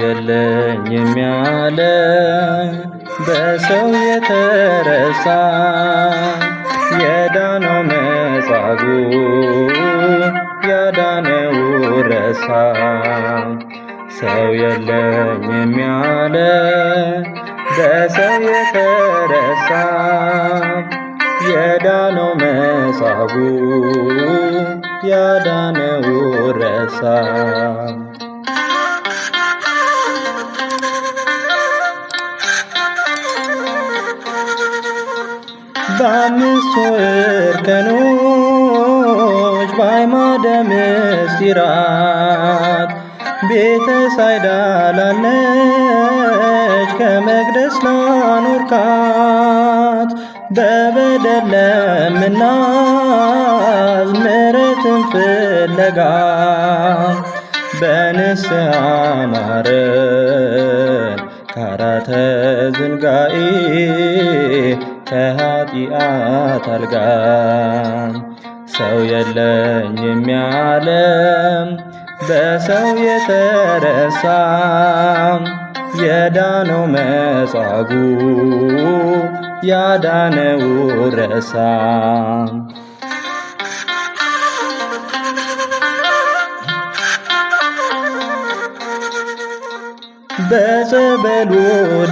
የለኝም ያለ በሰው የተረሳ የዳነው መጻጉዕ ያዳነው ረሳ ሰው የለኝም ያለ በሰው የተረሳ የዳነው መጻጉዕ ያዳነው ረሳ በአምስት ወር ቀኖች በአዕማደ ምስጢራት ቤተ ሳይዳ ላለች ከመቅደስ ላኖርካት በበደል ለምናዝ ምሕረትን ፍለጋ በንስሐ ማረን ካራተ ዝንጋኤ ከኃጢአት አልጋ ሰው የለኝም ያለም በሰው የተረሳ የዳነው መጻጉዕ ያዳነው ረሳ በጸበሉ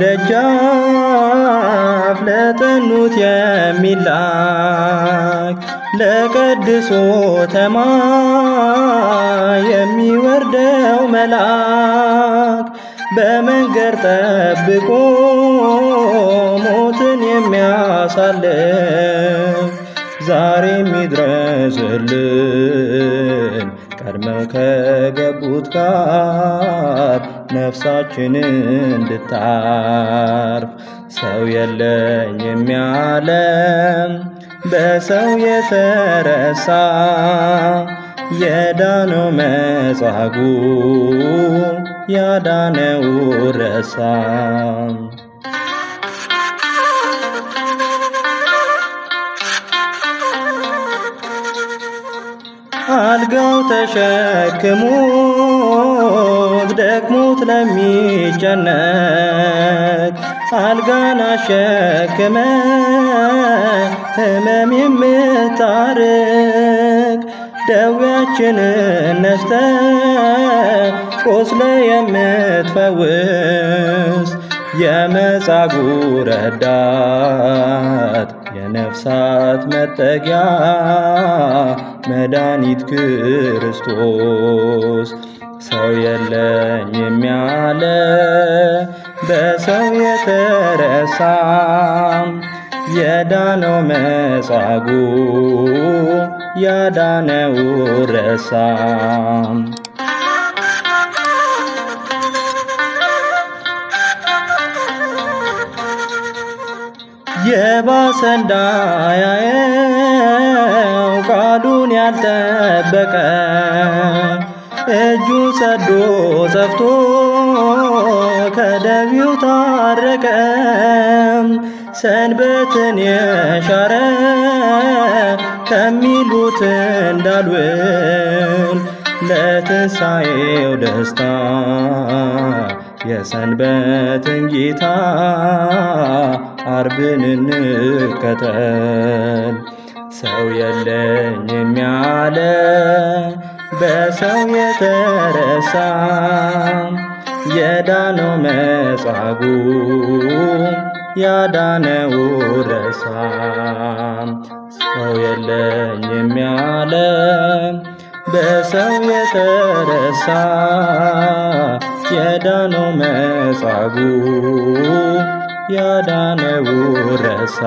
ደጃፍ ለጠኑት የሚላክ ለቀድሶ ተማ የሚወርደው መልአክ በመንገድ ጠብቆ ሞትን የሚያሳልፍ ዛሬ የሚድረስልን ቀድመው ከገቡት ጋር ነፍሳችን እንድታርፍ ሰው የለኝ የሚያለም በሰው የተረሳ የዳነው መጻጉዕ ያዳነው ረሳ አልጋው ተሸክሞት ደክሞት ለሚጨነቅ አልጋን አሸክመ ህመም የምታርቅ ደዌያችንን ነስተ ቆስለ የምትፈውስ የመጻጉዕ ረዳት የነፍሳት መጠጊያ መድኃኒት ክርስቶስ ሰው የለኝም ያለ በሰው የተረሳ የዳነው መጻጉዕ ያዳነው ረሳ የባሰ እንዳያየው ቃሉን ያልጠበቀ እጁ ሰዶ ሰፍቶ ከደቢው ታረቀ። ሰንበትን የሻረ ከሚሉት እንዳልውል ለትንሣኤው ደስታ የሰንበትን ጌታ አርብን እንከተል። ሰው የለኝም ያለ በሰው የተረሳ የዳነው መጻጉ ያዳነው ረሳ። ሰው የለኝም ያለ በሰው የተረሳ የዳነው መጻጉዕ ያዳነው ረሳ